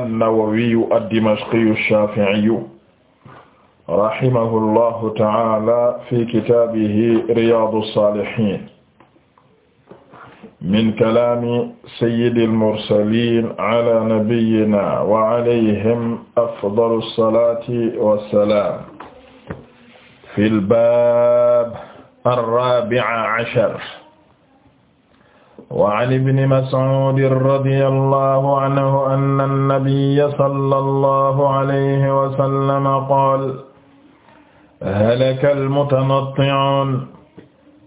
an-Nawawiyu ad-Dimashqiyu ash-Shafi'iyu rahimahullahu ta'ala fi kitaabihi Riyaadu as-Saalihiin min kalaami sayyidil mursaliin ala nabiyyinaa wa alayhim afdalu salaati wa salaam fil baab ar-raabi'a ashar wa an ibni mas'uudin radiyallahu anhu anna nabiyya sallallahu alayhi wa sallam qaala halaka al-mutanatti'uun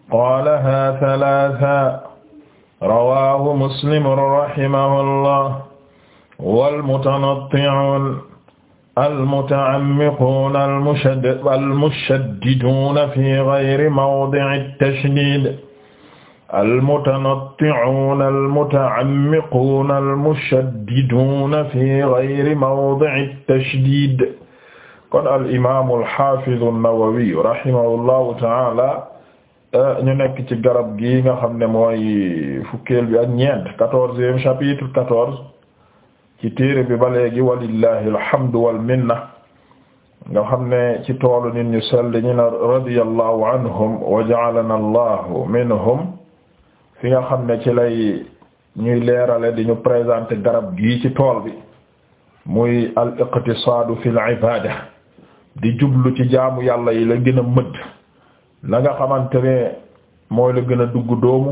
qaalahaa salaasa rawaahu muslimun rahimahullah wal-mutanatti'uun al-muta'ammiquun al-mushaddiduun fi ghayri mawdi'i at-tashdiid almutanatti'uuna almuta'ammiquuna almushaddiduuna fi ghayri mawdi'i tashdiid kon al imaamu alxaafidu nawawi rahimahullahu ta'aala eh, ñu nekk ci garab gi nga xam ne mooy fukkeel bi ak ñeent quatorzième chapitre quatorze ci téere bi ba léegi walillahi alhamdu wal minna nga xam ne ci toolu nit ñu sell ñi na radiyallahu anhum wa ja'alana allahu minhum fi nga xam ne ci lay ñuy leerale di ñu présenter garab gii ci tool bi muy al iqtisaadu fil ibaada di jublu ci jaamu yàlla yi la gën a mëdd na nga xamante ne mooy la gën a dugg doomu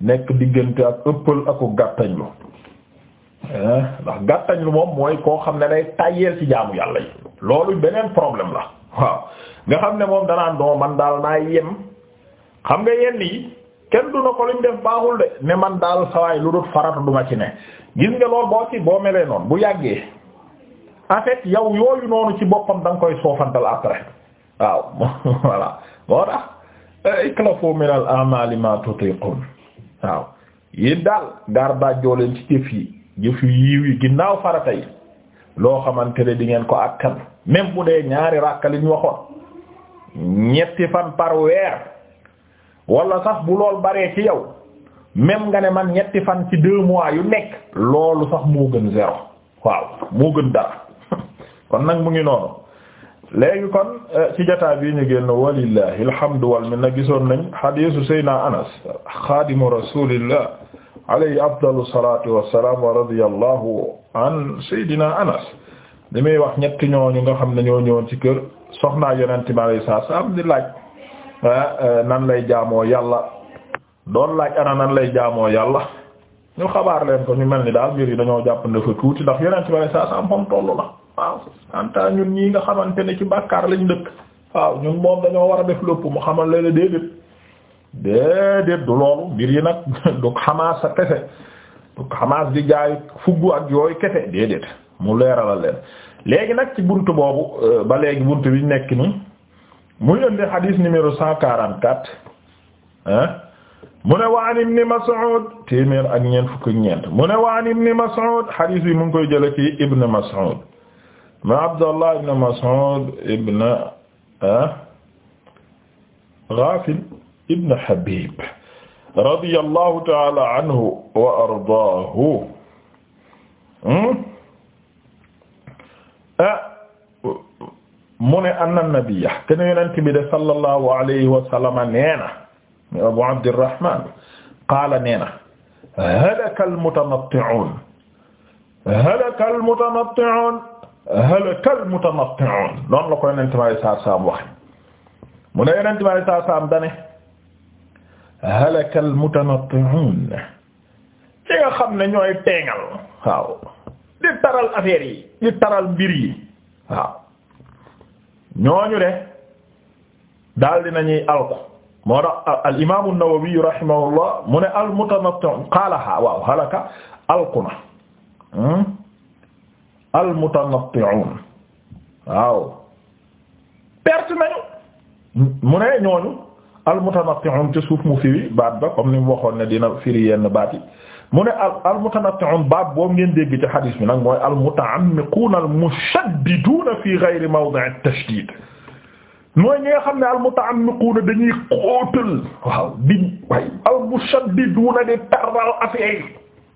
nekk diggante ak ëppal aku gàttañlu eh? ndax gàttañlu moom mooy koo xam ne day tàyyeel ci jaamu yàlla yi loolu beneen problème la waaw nga xam ne moom danaan doo man daal naa yem xam nga yenn yi kenn du na ko liñ def baaxul de ne man daal sawaay lu dul farata du ma ci ne gis nga boo ci boo melee noonu bu yàggee en yow yooyu noonu ci boppam danga nga koy soofantal après waaw voilà moo tax iklafu min al a'mali ma waaw yéen daal gaar bàjjoo leen ci jëf yi jëf yu yi ginnaaw farata yi loo xamante ne di ngeen ko attan même bu dee ñaari ràkka li ñu waxoon ñetti fan par weer wala sax bu lool baree ci yow même nga ne man ñetti fan ci deux mois yu nekk loolu sax moo gën zéro waaw moo gën dara kon nag mu ngi noonu léegi kon eh, ci jotaay bi ñu génn walillahi alhamdu wal minna gisoon nañ hadiisu sayna anas xaadimu rasulillah alayhi afdalu salatu wassalam wa radiyallahu an saydina anas li muy wax ñetti ñooñu nga xam ne ñëwoon ci kër soxnaa yonente bi alayhi salaatu salaam di laaj Eh, eh, nan lay jaamoo yàlla doon laaj ana nan lay jaamoo yàlla ñu xabaar leen ko ñu mel ni daal mbir yi dañoo jàpp ne fa tuuti ndax yonent ba ne saa saa moom tollu la waaw anta ñun ñi nga xamante ne ci bàkkaar lañu dëkk waaw ñun moom dañoo war a def lépp mu xamal la déedéet déedéet du loolu mbir yi nag du xamaas sa kese du xamaas di jaay fuggu ak yooyu kese déedéet mu leeralal leen léegi nag ci buntu boobu eh, ba léegi bunt bi ñu nekk nii muy indi hadith numéro cent quarante quatre ah mu ne wa an ibn Mas'ud téeméer ak ñeent fukk ñeent mu ne wa an ibn Mas'ud hadith bi mu ngi koy jële ci ibn Mas'ud ma Abdallah ibn Mas'ud ibn Ghafil ibn Habib radiyallahu ta'ala anhu wa ardaahu hmm? ah, mu ne anna nabiyya kene yonent bi de sallallahu alayhi wa sallam neena abu abdirrahman qaala neena halaka almutanatti'un halaka almutanatti'un halaka almutanatti'un noonu la ko yonent bi alayhi salaatu salaam wax mu ne yonent bi alayhi salaatu salaam dane halaka almutanatti'un ci nga xam ne ñooy teengal waaw di taral affaire yi di taral mbir yi waaw ñooñu de daal di nañuy alko moo tax al imaamu Nawawi rahimahullah mu ne al mutamattu qaalaha waaw halaka alkuna al hmm? mutanatti'un waaw perte nañu mu ne ñooñu al ci suuf mu firi baat ba comme ni mu waxoon ne dina firi yenn baat yi mu ne al al mutanatti'un baab boobu ngeen dégg ci xadis bi nag mooy al muta'ammiquun al mushaddiduun fi ghayri mawdi' at tashdid mooy ñi nga xam ne al muta'ammiquun dañuy xóotal waaw di waaye al mushaddiduun di taral affaire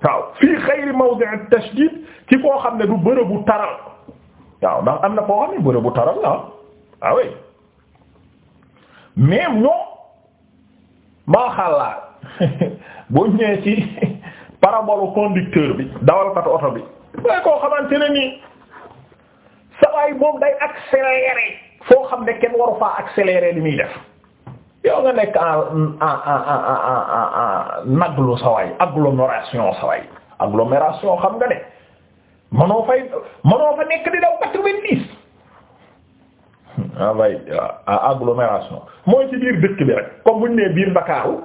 waaw fi ghayri mawdi' at tashdid ci koo xam ne du bërëbu taral waaw ndax am na koo xam ne bërëbu taral la ah oui mais ñoo maa xalaat boo ñëwee ci. parabolu conducteur bi dawalkatu oto bi waaye koo xamante ne sawaay moom day accélérer foo xam ne kenn waru faa accélérer li muy def yow nga nekk en en sawaay agglomération sawaay agglomération xam nga ne mënoo fay mënoo fa nekk di daw quatre ah, ah, ah, agglomération mooy ci biir dëkk bi rek comme bu ñu biir Ndakaaru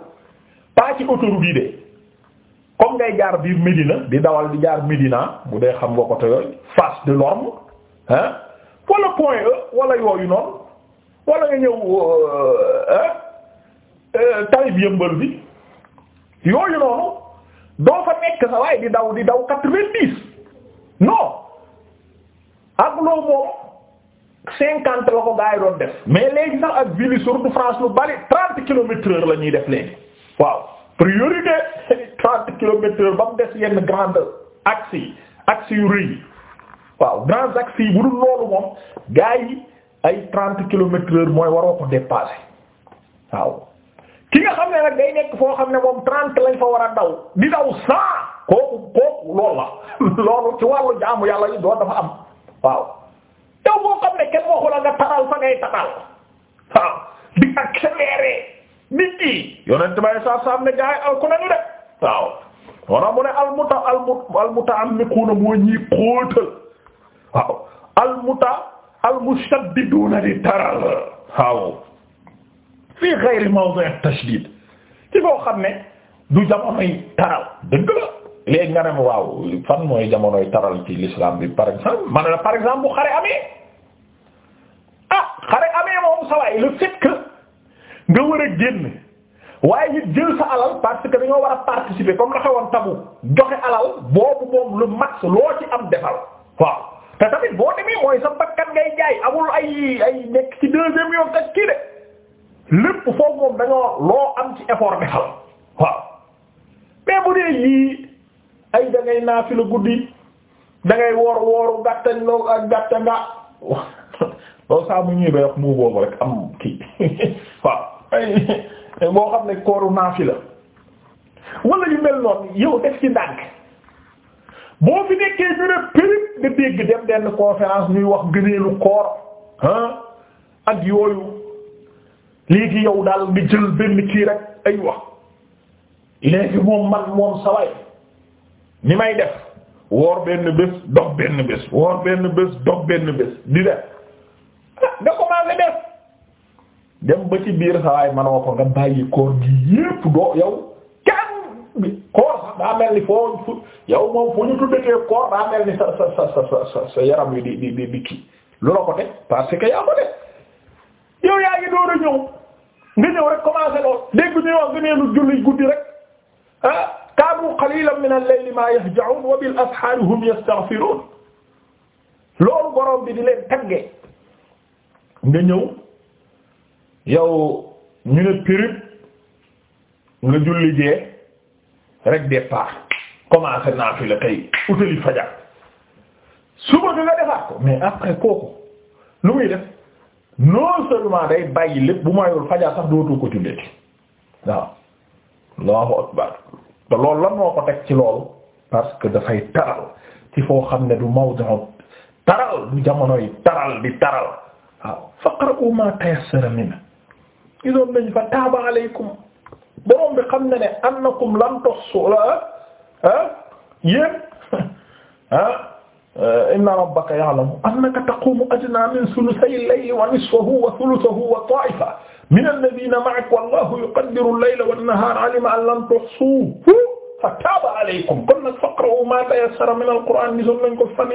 pas ci autoroute yi de comme ngay jaar biir Médina di dawal di jaar Médina bu dee xam nga côté yooyu face de l'orme hein wala point E wala yooyu noonu wala nga ñëw euh, euh, tarif yëmbal bi yooyu noonu doo fa nekk sa waaye di daw di daw quatre-vingt-dix non ak loo moom cinquante la ko gaa yi doon def mais léegi sax ak ville sur France lu bari trente kilomètres heure la ñuy def léegi waaw priorité trente kilomètres heure ba mu des yenn grande axe yi axe yu rëy waaw grands axes yi bu dul loolu moom gars ay trente kilomètres mooy war ko dépasser waaw ki nga xam ne nag day nekk foo xam ne moom trente lañ fa war a daw di daw cent kooku kooku loolu loolu ci wàllu jaamu yàlla yi doo am waaw daw boo xam ne kenn waxu la nga taral fa ngay taral waaw di accélérer nit ñi yonent bay saa saa ne gaa yi alku nañu de waaw walla mu ne almuta almuta almuta'ammiquuna moo ñii xóotal waaw di taral waaw fii ghayri mawdi' at-tashdid koo xam ne du jamonoy taral dëgg la nga ne ma waaw fan mooy jamonoy taral ci l'islam bi par exemple man la par exemple bu amee ah xare amee moom sawaay le fait nga war a génn waaye nit jël sa alal parce que dañoo war a participer comme la xewoon tabu joxe alal boobu moom lu max loo ci am defal waaw te tamit boo demee mooy sa bakkan ngay jaay amul ay nekk ci deuxième yoon ak kii de lépp foofu moom dañoo loo am ci effort defal waaw mais bu dee yii ay da ngay naafi la guddi da ngay woor wooru gàttañ loo ak gàtta nga loolu saa mu ñuy bay wax mu boobu rek am kii waaw ay boo xam ne kooru naafi la wala yu mel noonu yow def ci ndànk boo fi nekkee ñu ne nga dégg dem benn conférence ñuy wax gëneelu koor ah ak yooyu léegi yow daal nga jël benn kii rek ay wax léegi moom man moom saway ni may def woor benn bés dox benn bés woor benn bés dox benn bés di def ah nga commencé def dem ba ci biir sawaay manoo ko nga bàyyi koor gi yépp doo yow kenn bi koor sax mel ni foo fu moom fu ñu tuddee koor daa mel ni sa sa sa sa sa yaram wi di di di kii ko teg parce que yaa ko teg yaa ngi door a ñëw nga ñëw rek commencé lool dégg ñuy wax gëneelu julli guddi rek ah kaanu qalilan min al-layli ma yahja'un wa bil ashaari hum yastaghfirun loolu borom bi di leen tagge nga ñëw yow ñu ne pirip nga julli jee rek départ commencé naafila tey utali fajar suba bi nga defaat ko mais après kooku lu muy def non seulement day bàyyi lépp bu mayul fajar sax dootu ko julleeti waaw allahu akbar loolu lan moo ko teg ci loolu parce que dafay taral ci foo xam ne du mawdon taral du jamonoy taral di taral waaw faqra'u ma tayassara minhu gisoon nañ fa taaba aleykum borom bi xam na ne annakum lan toxsu la ah yéen ah inna rabbaka ya'lamu annaka taqumu adna min thuluthay al-layli wa nisfahu wa thuluthahu wa ta'ifa min alladhina ma'ak wallahu yuqaddiru al-layla wan-nahara 'alima an lan tuhsuhu fa taaba aleykum kon nag faqra'u ma tayassara min al-qur'an gisoon nañ ko fan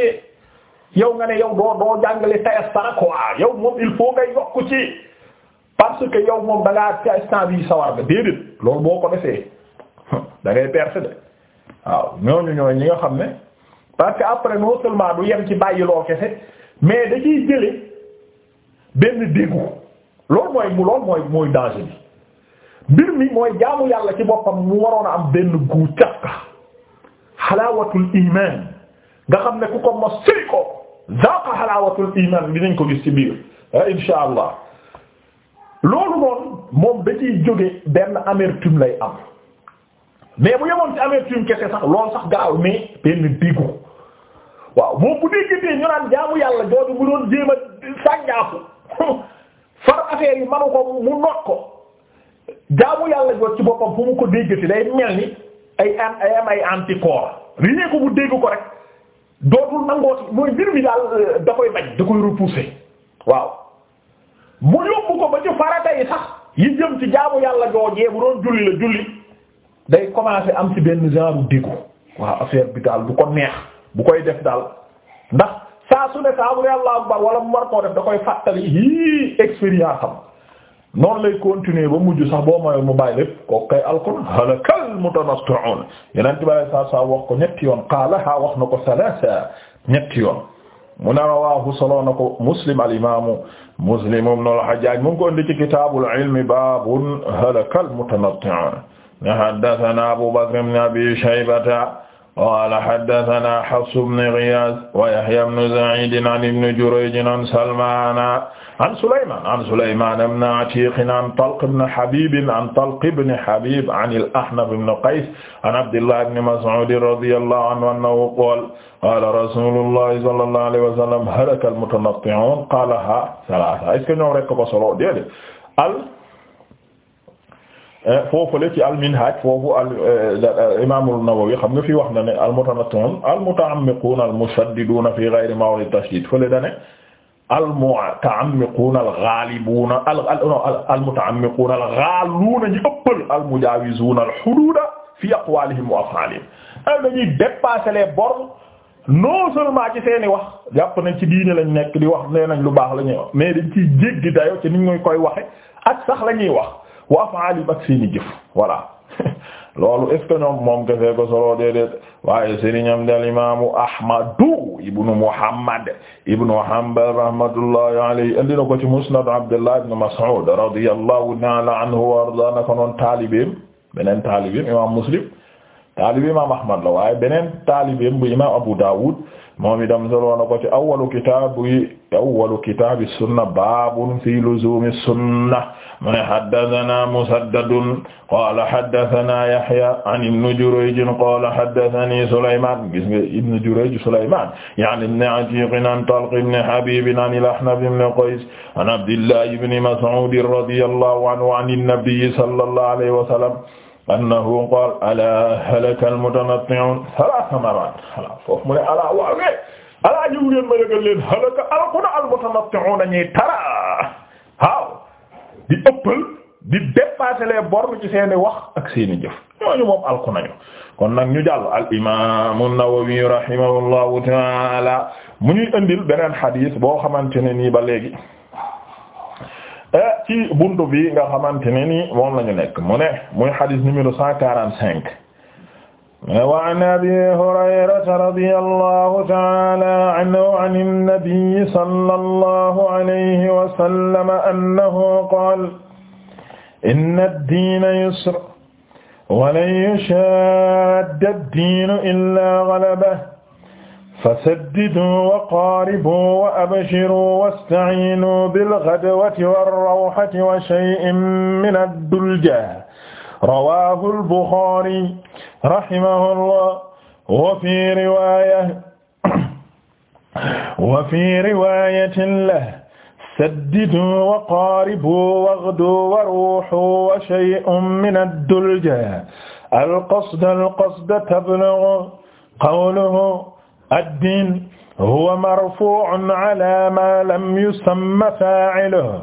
yow nga ne yow doo doo jàngale tayassara quoi yow moom il faut ngay yokk ci parce que yow moom da ngaa ci sawar ba déedéet loolu boo ko defee da ngay de waaw ñooñu ñooy ñi nga xam ne parce que après non seulement du yem ci bàyyi ke kese mais da ciy jële benn déggu loolu mooy mu loolu mooy mooy danger mbir mi mooy jaamu yàlla ci boppam mu waroon a am benn guu càkka xalaawatul nga xam ne ku ko mos sëy ko zaqa xalaawatul iman dinañ ko gis ci biir ah, insha allah loolu noonu moom da ciy jóge benn amertume lay am mais mu yemoon ci amertume kese sax loolu sax garaw mais benn diggu waaw moom bu ñu naan jaamu yàlla jooju a sànjaafu far affaire ko mu not yàlla jot ci boppam fu mu ko déggati day mel ni ay an ay am ay anticorps riñee ko bu dégg ko rek dootul nangooti mooy mbir mi daal euh, da koy bañ da koy repousser waaw mu yóbbu ko ba ci farata yi sax yi jëm ci jaamu yàlla joojee bu doon julli la julli day commencer am ci benn genre dégo waaw affaire bi daal bu ko neex bu koy def daal ndax saa su ne saa bu yàlla akbar wala mu war def da koy fàttali yii expérience am noonu lay continuer ba mujj sax boo mooy mu bàyyi lépp kooku kay alkool halakal mutanastuun yeneen tubaab yi saa saa wax ko ñetti yoon qaalaha wax na ko salaasa ñetti yoon. mu ne rawaahu solo na ko muslim al imaamu muslim ibn al hajjaaj mu ngi ko indi ci kitaabul ilmi baabun halakal mutanatti'uun haddasanaa abuu bakr ibn abii shaybata qaala haddasanaa Hafs ibn Ghiyaas wa Yahyaa ibn Sa'iid an Ibn Jurayj an Salmaan an Sulaymaan an Sulaymaan ibn Atiiq an Talq ibn Habiib an Talq ibn Habiib an al-Ahnaf ibn Qays an Abdillah ibn Mas'uud radiyallaahu anhu annahu qaala qaala rasuulullaahi sallallaahu alayhi wa sallam halaka al-mutanatti'uun qaalahaa salaasa est-ce que ñoom rekk ko solo déedéet Euh, foofule ci al-Minhaj foofu al euh, euh, Imaam an-Nawawi xam nga fi wax na ne al-mutanatti'un al-muta'ammiqun al-mushaddidun fi ghayri maw'id tashdid fële da ne al-muta'ammiqun al-ghalibun al al-muta'ammiqun al-ghalun ñi ëppal al-mujawizun al-hudud fi aqwalihim wa af'alihim am dañuy dépasser les bornes non seulement ci seeni wax jàpp nañ ci diine lañ nekk di wax nee nañ lu baax la ñuy wax mais dañ ciy jéggi dayo ci niñ koy waxe ak sax la ñuy wax. wa af'ali ak seeni jëf voilà loolu est-ce que ñoom moom kese ko solo déedéet waaye sëriñam dal imaamu ahmadu ibnu muhammad ibnu hanbal rahmatullahi alayhi andi na ko ci musnad abdullah ibnu mas'ud radiyallahu ta'ala anhu wa arda na ko noon taalibeem beneen taalibeem imaam muslim taalibe imaam ahmad la waaye beneen taalibeem bu imaam abu dawud moom itam solo na ko ci awwalu kitaabi awwalu kitaabi sunna baabun fi luzuumi sunna mu ne haddasanaa Musaddadun qaala haddasanaa Yahyaa an Ibn Jurayj qaala haddasanii Sulaymaan gis nga Ibn Jurayj Sulaymaan yaani ibn Atiiq an Talq ibn Habiib an al-Ahnaf ibn Qays an Abdillaah ibn Mas'uud radiyallaahu anhu an an-nabiyyi sallallaahu alayhi wa sallam annahu qaala alaa halaka al-mutanatti'uun salaasa marraat voilà foofu mu ne alaa alaa ñëw ngeen ma yëgal leen halaka alku na al-mutanatti'uun ñuy tara waaw di ëppal di dépasser les bornes ci seeni wax ak seeni jëf ñooñu moom alku nañu kon nag ñu jàll al imaam an-Nawawi rahimahullahu ta'aala mu ñuy indil beneen xadiis boo xamante ne nii ba léegi. Eh, ci buntu bi nga xamante ne ni moom la ñu nekk mu ne muy hadith numéro cent quarante cinq wa an abi hurayrata radiyallahu ta'ala anhu an an-nabi sallallahu alayhi wa sallam annahu qala inna ad-dina yusr wa lan yushadda ad-dinu illa ghalabahu fasaddidu wa qaaribu wa abshiru wasta'iinu bilghadwati warrawhati wa shay'in min ad-dulja rawaahu al-Buxaari rahimahullah wa fii riwaaya wa fii riwaayatin lahu saddidu wa qaaribu waghdu wa ruuhu wa shay'un min ad-dulja al-qasda al-qasda tablughu qawluhu ad-diin huwa marfuu'un 'alaa maa lam yusamma faa'iluhu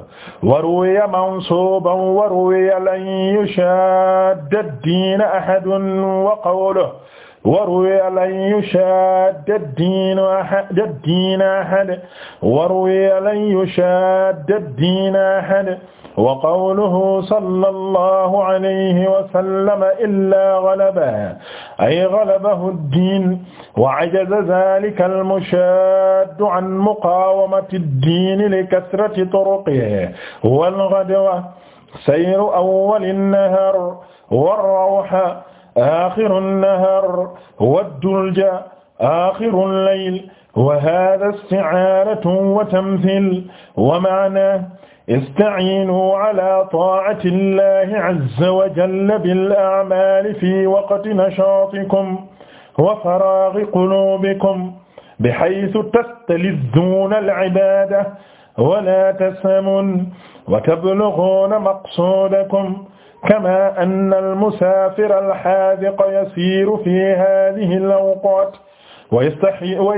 wa ruwiya mansuuban wa ruwiya lan yushaadda ad-diina ahadun wa qawluhu wa ruwiya lan yushaadda ad-diina ahad wa ruwiya lan yushaadda ad-diina ahad wa qawluhu sallallahu alayhi wa sallam illaa galabahu ay galabahu ad-diin wa ajaza zaalika al-mushaaddu an muqaawamati ad-diin li kasrati turuqihi wal-ghadwatu sayru awwali an-nahaar war-rawhu aaxiru an-nahaar wad-dulja aaxiru al-layl wa haadha isti'aaratun wa tamthiil wa ma'naa ista'iinu ala taa'ati llahi azza wa jalla bil a'maali fi waqti nashaatikum wa faraaghi quluubikum bihaysu tastalidduuna al-ibaadata wa laa tashamuun wa tablughuuna maqsuudakum kamaa anna al-musaafira al-haadiqa yasiiru fi haadihi al-awqaat wa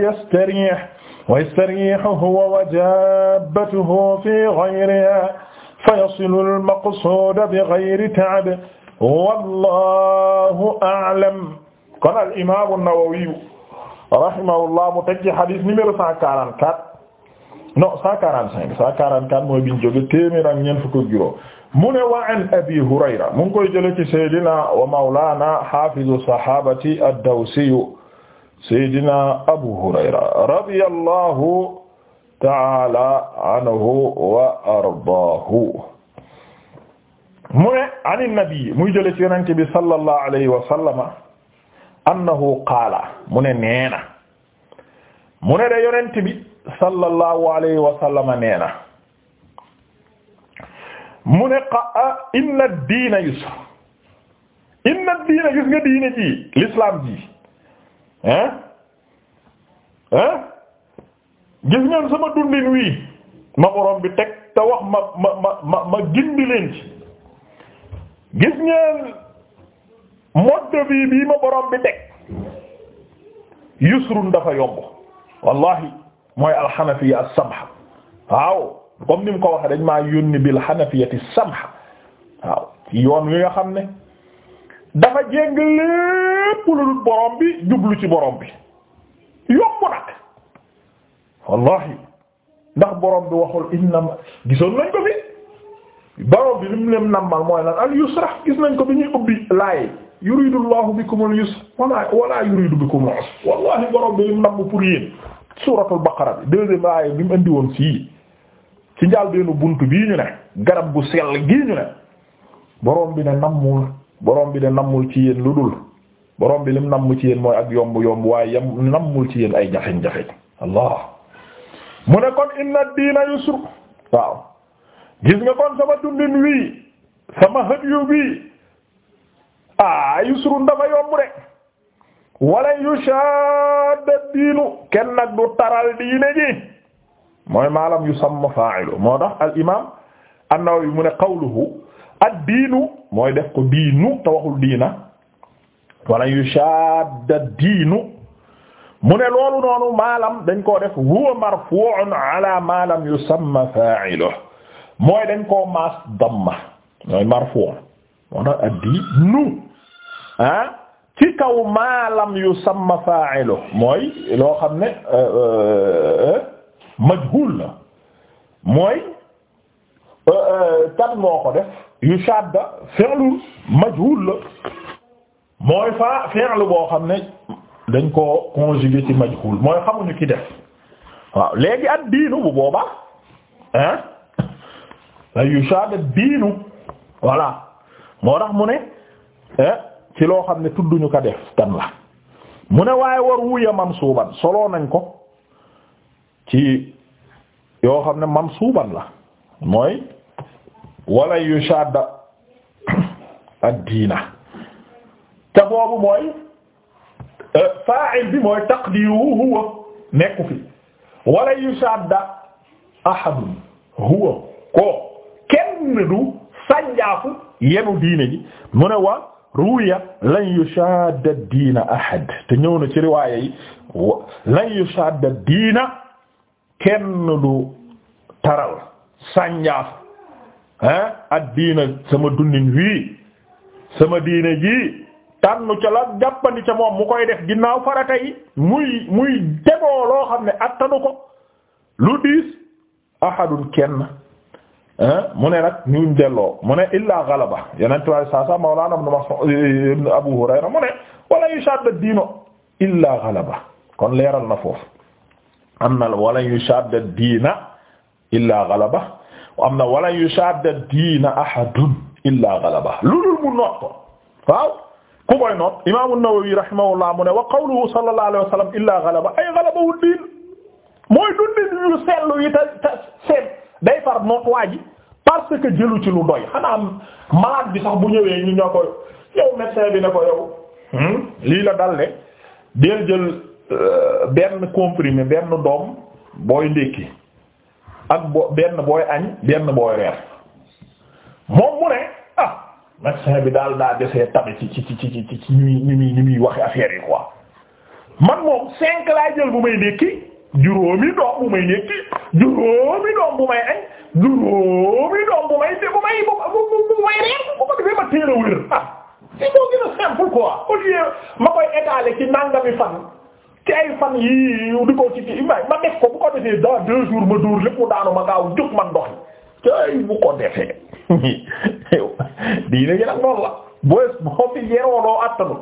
yastariih ويستريح هو وجابته في غيرها فيصل المقصود بغير تعب والله أعلم kon al imaamu Nawawi rahimahullah mu teg ci xadis numéro 144 non 145 144 mooy biñ jóge téeméer ak ñeent fukk ak juróom mu ne wa an abi Hurayra mu ngi koy jële ci sayyidina wa mawlana hafizu sahabati ad-Dawsi Seydina Abu Hurayra radiyallahu ta'ala anhu wa ardaahu mu ne an nabi muy jële ci yonente bi sallallahu alayhi wa sallama annahu qaala mu ne neena mu ne de yonente bi sallallahu alayhi wa sallama neena mu ne qa inna diina yusr inna diina gis nga diine ji l'islam ji hein hein gis ngeen sama dundin wii ma borom bi teg te wax ma ma ma gindi leen gis ngeen mode bii bii ma borom bi teg yusrun dafa yomb wallahi mooy alxanafiya as-samha waaw ni mu ko waxee dañ ma yónni bi xanafiyati samha waaw yoon wi nga xam ne dafa jéng lépp lu dul borom bi jublu ci borom bi yomb nag wallahi ndax borom bi waxul inna gisoon nañ ko fi borom bi li mu leen nammal mooy la al yusra gis nañ ko bi ñuy ubbi laay yuridu llahu bikum al yusra wala wala yuridu bikum al wallahi borom bi li mu namm pour yéen suuratul baqara bi deuxième aaya bi mu indi woon fii ci njaal benn bunt bii ñu ne garab gu sell gii ñu ne borom bi ne nammul borom bi ne nammul ci yéen lu dul borom bi lim namm ci yéen mooy ak yombu yomb waaye yam nammul ci yéen ay jafeñ-jafeñ allah mu ne kon inna diina yusr gis nga kon sama dundin wii sama hadiyu bii a ah, yusrun dafa yomb de wala yushadda diinu kenn nag du taral diine ji mooy maalam yusamma fa'ilu moo tax al imam an-Nawawi mu ne qawluhu ad mooy def ko diinu te diina wala yushadda diinu mu ne loolu noonu maalam dañ koo def huwa marfu'un ala maalam yusamma fa'iluhu mooy dañ koo maas damma mooy marfu' wala ad-diinu ah ci kaw maalam yusamma fa'iluhu mooy loo xam ne euh, euh, euh, majhul la mooy kan moo ko def yushadda fi'lu majhul la mooy fa fi'l boo xam ne dañ koo conjugué ci majhul mooy xamuñu ki def waaw léegi ak diinu bu boobaa ah la yushad diinu voilà moo tax mu ne ci loo xam ne tudduñu ko def tan la mu ne waaye war wuya mansuuban soloo nañ ko ci yoo xam ne mansuuban la mooy wala yushad ak diina te boobu mooy euh, fa'il bi mooy taqdiruhu huwa nekku fi wala yusadda ahadun huwa ko kenn du sànjaafu yenu diine ji mu ne waa ruya lan yushadda diina ahad te ñëw na ci riwaaya yi lan yushadda diina kenn du taral sànjaaf ah ad diina sama dundin wii sama diine ji tànn ca la jàppandi ca moom mu koy def ginnaaw farata yi muy muy tegoo loo xam ne attanu ko lu diis ahadun kenn mu ne nag ñuñ delloo mu ne illaa galaba yeneen tubaab saa saa mawlaana ibn Mas'ud ibn Abu Hurayra mu ne wala yushadda diinu illaa galaba kon leeral na foofu am na wala yu diina illaa na wala yushadda diina ahadun illaa galaba lu dul mu noot ku koy noot imaamu Nawawi rahimahullah mu ne wa qawluhu sallallahu alayhi wa ghalaba ay ghalabahu diin mooy dundin yu seetlu yi te te day far noot waa ji parce que jëlu ci lu doy xanaa am malade bi sax bu ñëwee ñu ñoo ko yow médecin bi ne ko yow hmm, lii la dal de deel jël euh, benn comprimé benn doom booy ndékki ak bo benn booy añ benn booy reer moom mu ne ah médecin bi daal daa desee tabe ci ci ci ci ci ci ñuy ñu muy wax muy waxe affaire yi quoi man moom cinq laa jël bu may ndékki juróomi doom bu may ndékki juróomi doom bu may añ juróomi doom bu may bu may bu may reer bu ko defee ma téel a ah si moo gën a simple quoi au lieu ma koy étaler ci nangami fan ci ay fan yi di ko ci ci ma def ko bu ko defee dans deux ma dóor lépp mu daanu ma gaaw jóg man dox yi bu ko defee diine gi nag noonu la boo boo fi yeroo doo attanu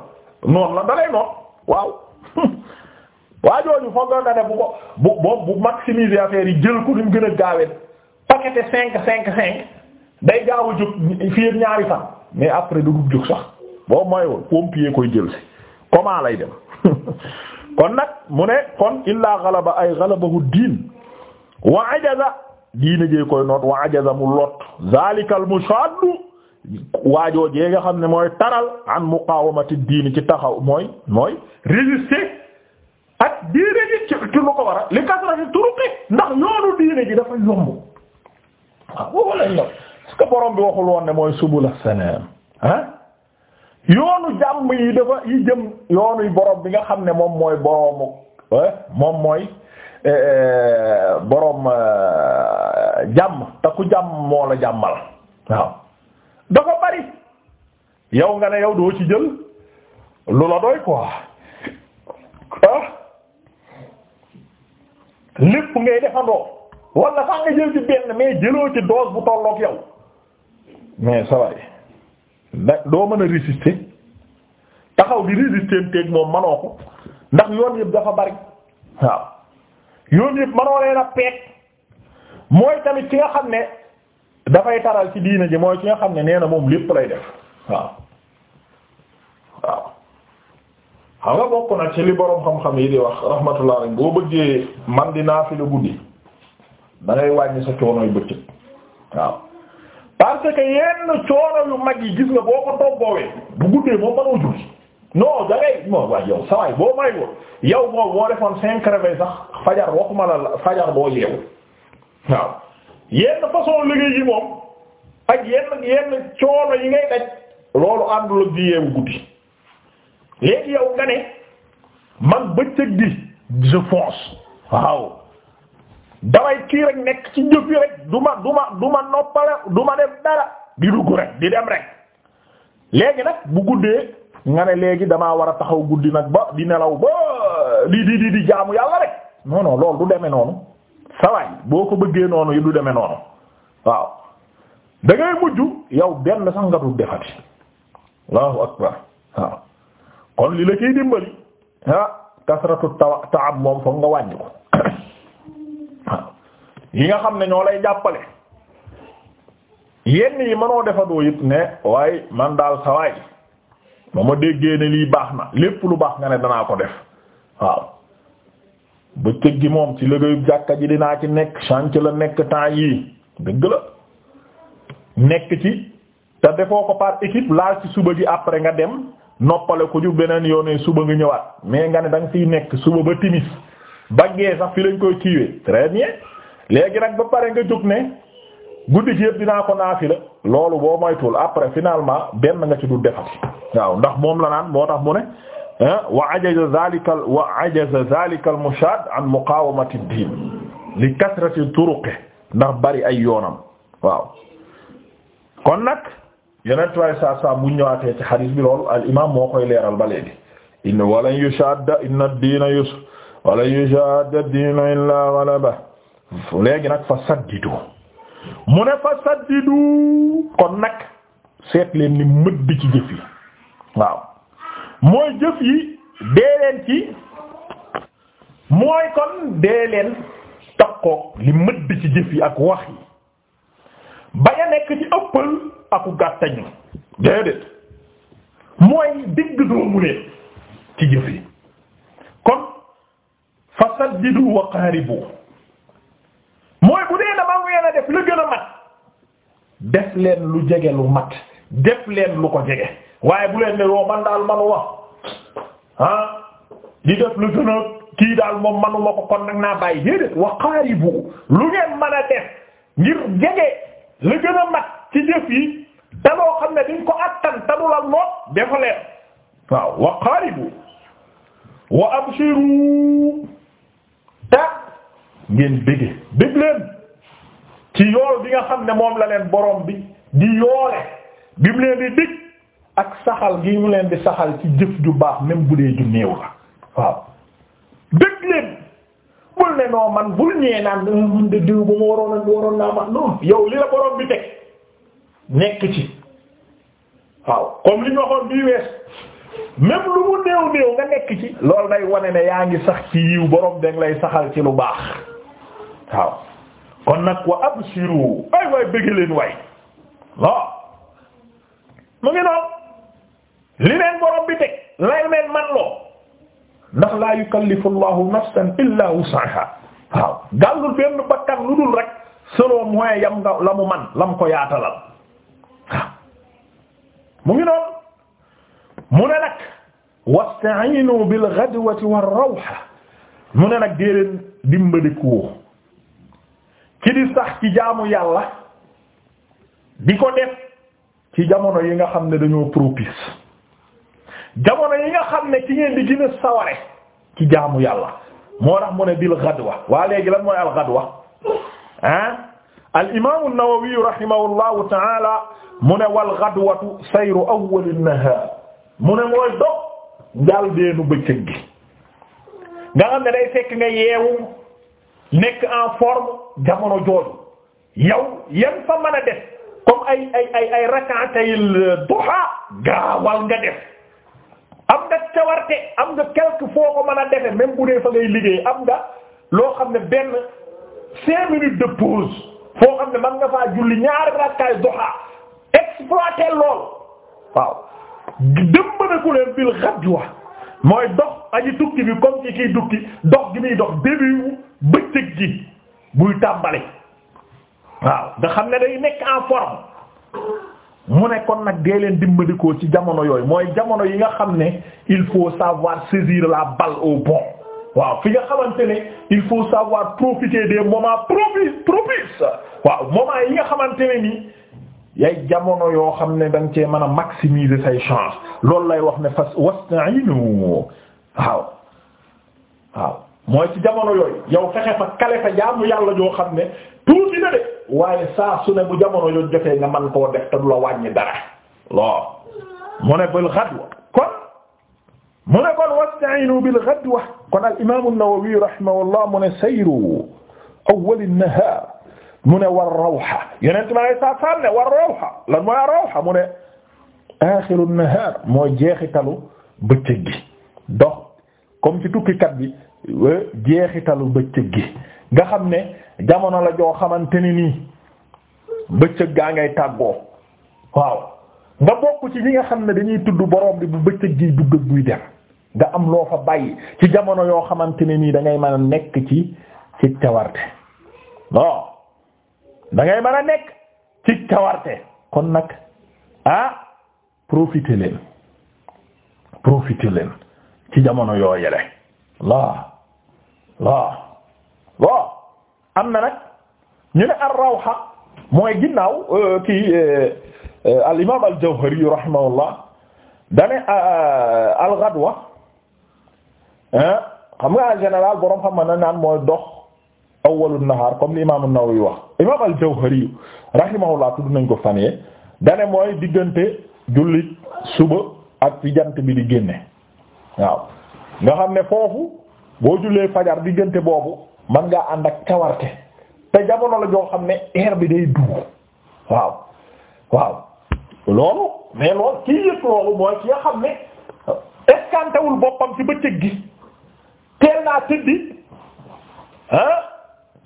la dalay noonu waaw waa jooju foog nga ne bu ko bu bu bu maximiser yi jël ko ni gën a gaawee paqueté cinq cinq cinq day gaaw a jóg fii ñaari fan mais après du jóg sax boo mooyul pompier koy jël si comment lay dem kon nag mu ne kon illaa galaba ay galabahu diin wa ajaza diine jee koy noot wa ajaza mu lot zalikal mushaddu waajoo jee nga xam ne mooy taral an muqawamati diini ci taxaw mooy mooy résister ak diine ji ci lu ko war a li kasrati turuqi ndax yoonu diine ji dafa yomb waaw ah, boobu lañ yor parce borom bi waxul woon ne mooy subula salam ah yoonu jàmm yi dafa yi jëm yoonu borom bi nga xam ne moom mooy boromu eh, moom mooy. Eh, eh, boroom eh, jàmm te ku jàmm moo la jàmmal waaw dafa bari yow nga ne yow doo ci jël lu la doy quoi ah lépp ngay defandoo wala sax nga jël ci benn mais jëloo ci dose bu tollook yow mais saway doo mën a résister taxaw gi résister teeg moom manoo ko ndax yoon yëpp dafa bari waaw yoon yëpp manoo leen a peek mooy tamit ci nga xam ne dafay taral ci diina ji mooy ci nga xam ne nee na moom lépp lay def waaw waaw xam nga bokk na ci li borom xam-xam yi di wax rahmatullah rek boo bëggee man di naafila guddi da ngay wàññi sa coonoy bëccëg waaw parce que yenn coono yu mag yi gis nga boo ko toggoowee bu guddee moom mënoo julli no da ngay moom waay yow sawaay boo maywul yow moom boo defoon cinq réveil sax fajar ma la fajar boo yeewu waaw yenn façon liggéey yi moom ak yenn yenn coono yi ngay daj loolu àndul ak di yeewu guddi léegi yow nga ne man bëccëg bi je waaw damay kii rek nekk ci jëf yi rek du ma du ma du ma noppale du dara di dugg rek di dem rek léegi nag bu guddee nga ne léegi damaa war a taxaw guddi nag ba di nelaw ba lii di di di jaamu yàlla rek non loolu du demee noonu sawaay boo ko bëggee noonu yi du demee noonu waaw da ngay mujj yow benn sax nga du defati waaw kon li la ciy dimbali ah kasratu tawa taab moom foog nga wàññi yi nga xam ne ñoo lay jàppale yenn yi mënoo defadoo yit ne waaye man daal sawaay ba ma déggee ne lii baax na lépp lu baax nga ne danaa ko def waaw bëccëg gi moom ci liggéeyu jàkka ji dinaa ci nekk chantier la nekk temps yii dëgg la nekk ci te defoo ko par équipe laal ci suba ji après nga dem noppale ko ju beneen yoone suba nga ñëwaat mais nga ne da fiy nekk suba ba timis baggee sax fi lañ koy kiiwee très bien léegi nag ba pare nga jóg ne guddi gi yëpp dinaa ko naafila loolu boo moytuwul après finalement benn nga ci du defati waaw ndax moom la naan moo tax mu ne wa ajaza zalika wa ajaza zalika al mushad an muqawamati ad-din li kasrati turuqi ndax bari ay yoonam waaw kon nag yenent waaye saa saa bu ñëwaatee ci xadiis bi loolu al imam moo koy leeral ba léegi in walan yushadda inna ad-dina yusr walan yushadda ad-dina illa ghalaba léegi nag fa saddidu mu ne fa saddidu kon nag seet leen ni mëdd ci jëf yi waaw mooy jëf yi dee leen ci mooy kon dee leen takkoo li mëdd ci jëf yi ak wax yi bañ a nekk ci ëppal aku gàttañu déedéet mooy digg doomu leen ci jëf yi kon fa saddidu wa qaribu mooy bu dee dama ngeen a def la mat def leen lu jege lu mat def leen lu ko jege waaye bu leen ne yoo oh, man daal manu wax ah def lu gën a kii daal moom manuma ko kon nag naa bàyyi déedéet wa qaaribu lu ngeen mën a def ngir jege la gën a mat ci jëf yi te xam ne diñ ko attan tadulal noot dafa waaw wa qaaribu wa abshiru ngeen bége bég leen ci yool bi nga xam ne moom la leen borom bi di yoole bi mu leen di dig ak saxal gi ñu leen di saxal ci jëf ju baax même bu dee ju néew la waaw bég leen bul ne noo man bul ñee naan mun de diw ba ma waroon waroon naa man non yow li la borom bi teg nekk ci waaw comme li ñu waxoon bii wees même lu mu néew néew nga nekk ci loolu day wane ne yaa ngi sax ci yiw borom danga lay saxal ci lu baax waaw kon nag wa absiru ay waay bëgg leen waay waaw mu ngi noonu li leen borom bi teg lay man loo ndax laa yukallifu allahu nafsan illa wus'aha waaw gàllul benn bakkan lu dul rek selon moyen yam nga la mu man la mu ko yaatalal waaw mu ngi noonu mu ne nag wasta'inu bil ghadwati war rawha mu ne nag dee leen dimbalikoo ki di sax ci jaamu yàlla di ko def ci jamono yi nga xam ne dañoo propice jamono yi nga xam ne ci ngeen di gën a saware ci jaamu yàlla moo tax mu ne bil gadwa waa léegi lan mooy al gadwa ah al imam an-Nawawi rahimahullahu ta'ala mu ne wal gadwatu sayru awwal an-nahar mu ne mooy dog njaal deenu bëccëg gi nga xam ne day fekk nga yeewu nekk en forme jamono jooju yow yan fa man a def comme ay ay ay ay rak'atayil euh, gaawal nga def am nga cawarte am nga quelque foo ko mën a defe même bu dee fa ngay liggéey am nga loo xam ne benn cinq minutes de pause foo xam ne man nga faa julli ñaari rakkaay duha exploiter lool waaw dëmbanaku leen bil ghadwa mooy dox aji tukki bi comme ci kiy tukki dox gi muy dox début bëccëg ji buy tàmbali waaw nga xam ne day nekk en forme mu ne kon nag dee leen dimbalikoo ci jamono yooyu mooy jamono yi nga xam ne il faut savoir saisir la balle au bon waaw fi nga xamante ne il faut savoir profiter des moments propices propices waaw moment yi nga xamante ne ni yay jamono yoo xam ne da cee mën a maximiser say chance loolu lay wax ne fas wasta'inu waaw waaw mooy ci jamono yooyu yow fexe fa kale fa jaamu yàlla joo xam ne tuuti na de waaye saa su ne bu jamono yooyu jotee nga man koo def te du la wàññi dara lool mu ne bil ghadwa kon mu ne kon wasta'inu kon al imam an-Nawawi rahimahullah mu ne sayru awwal war rawha yeneen ma ngay saa saam ne rawha lan mooy rawha mu ne axiru an jeexitalu bëccëg gi dox comme ci tukkikat bi jeexitalu bëccëg gi nga xam ne jamono la joo xamante ni nii bëccëg gaa ngay tàggoo waaw nga bokk ci ñi nga xam ne dañuy tudd borom bi bu bëccëg gi dugg ak buy dem nga am loo fa bàyyi ci jamono yoo xamante ne nii da ngay mën a nekk ci ci cawarte non da ngay mën a nekk ci cawarte kon nag ah profiter leen profiter leen ci jamono yoo yele laa waaw waaw am na nag ñu ne ar-rawha mooy ginnaaw euh, kii euh, euh, al imaam al jawhari rahimahullah dane al ghadwa xam nga en général borom xam na naan mooy dox awwalu nahaar comme li imaam an-Nawawi wax imaam al jawhari rahimahullah tudd nañ ko fan yee dane mooy diggante jullit suba ak fi jant bi di génne waaw nga xam ne foofu boo jullee fajar diggante boobu man ngaa ànd ak cawarte te jamono la joo xam ne air bi day dugg waaw waaw loolu mais loolu kii yëpp loolu mooy ki nga xam ne eskantewul boppam ci ba gi teel naa tëddi ah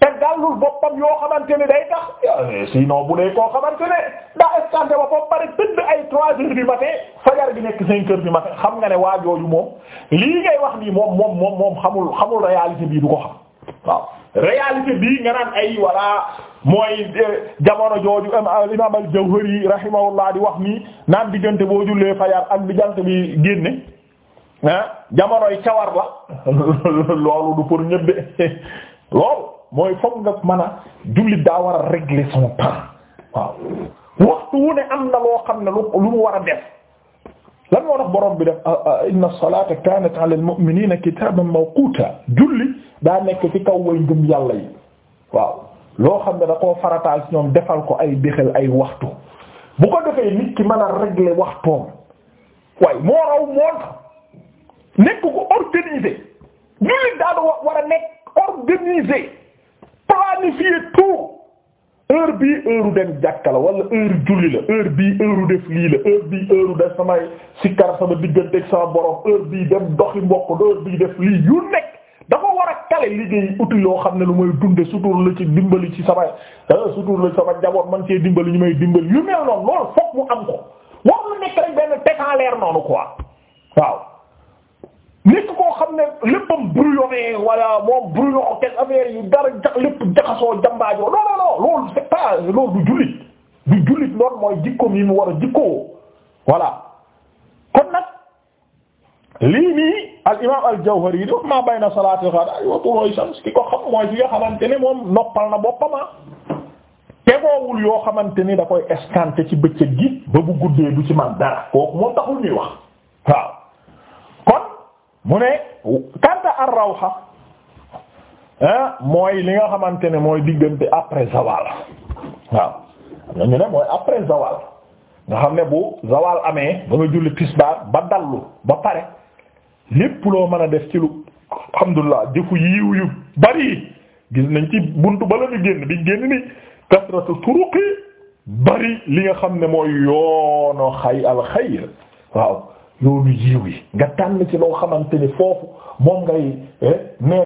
te gàllul boppam yoo xamante ne day tax eh, sinon bu dee koo xamante ne daa escanté ba ba pare tëdd ay trois heures du matin fajar gi nekk cinq heures du matin xam nga ne waa jooju moom lii ngay wax nii moom moom moom moom xamul xamul réalité bii du ko xam waaw réalité bii nga naan ay walla mooy eh, jamono jooju eh, imam al-Jawhari rahimahullah di wax nii naan diggante boo jullee fajar ak bi jant bi génne ah jamonoy cawar la loolu du pour ñëpp de loolu mooy foog nga mën a jullit daa war a régler son temps waaw waxtu wu ne am na loo xam ne lu war a def lan moo tax borom bi def ah, ah, inna as-salata kanat ala al-mu'minina kitaban mawquta julli daa nekk ci kaw way ngëm yàlla yi waaw loo xam ne da koo farataal ci ñoom defal ko ay déxel ay waxtu bu ko defee nit ki mën a régler waxtoom waaye moo nekk ko jullit daa war a planifier tout heure bii heure dem jàkka la wala heure julli la heure bii heure def lii la heure bii heure def samay sikkar sama digganteeg sama borom heure bii dem doxi mbokk heure bii def lii yu nekk dafa war a kale liggéey outil loo xam ne lu may dunde sutur la ci dimbali ci sama ah sutur la ci sama jaboot man cee dimbali ñu may dimbali yu mel noonu loolu fokk mu am ko war nekk rek benn teg noonu quoi waaw. nekk koo xam ne léppam brouillonné wala moom brouillon kenn affaire yu dara jax lépp jaxasoo jambaajoo non non loolu c'est pas loolu du jullit du jullit loolu mooy jikkoom yi mu war a jikkoo voilà kon nag lii nii al imaam al jawhari yi daf maa bayna salaatil ghada'i wa tulu'i shams ki ko xam mooy ki nga xamante ne moom noppal na boppama ah. tegoowul yoo xamante ni da koy escanté ci bëccëg gi ba bu guddee du ci man dara kooku moom taxul ñuy wax waaw mu ne kanta ar rawxa ah mooy li nga xamante ne mooy diggante après zawal waaw am ne mooy après zawal nga xam ne bu zawal amee ba nga julli tisbaar ba dallu ba pare lépp loo mën a def ci lu alhamdulilah jëfu yiw yu bari gis nañ ci bunt bala ñu génn bi génn ni kasratu turuqi bari li nga xam ne mooy yoono xay al waaw yoonu jiw yi nga tànn ci loo xamante ni foofu moom ngay eh,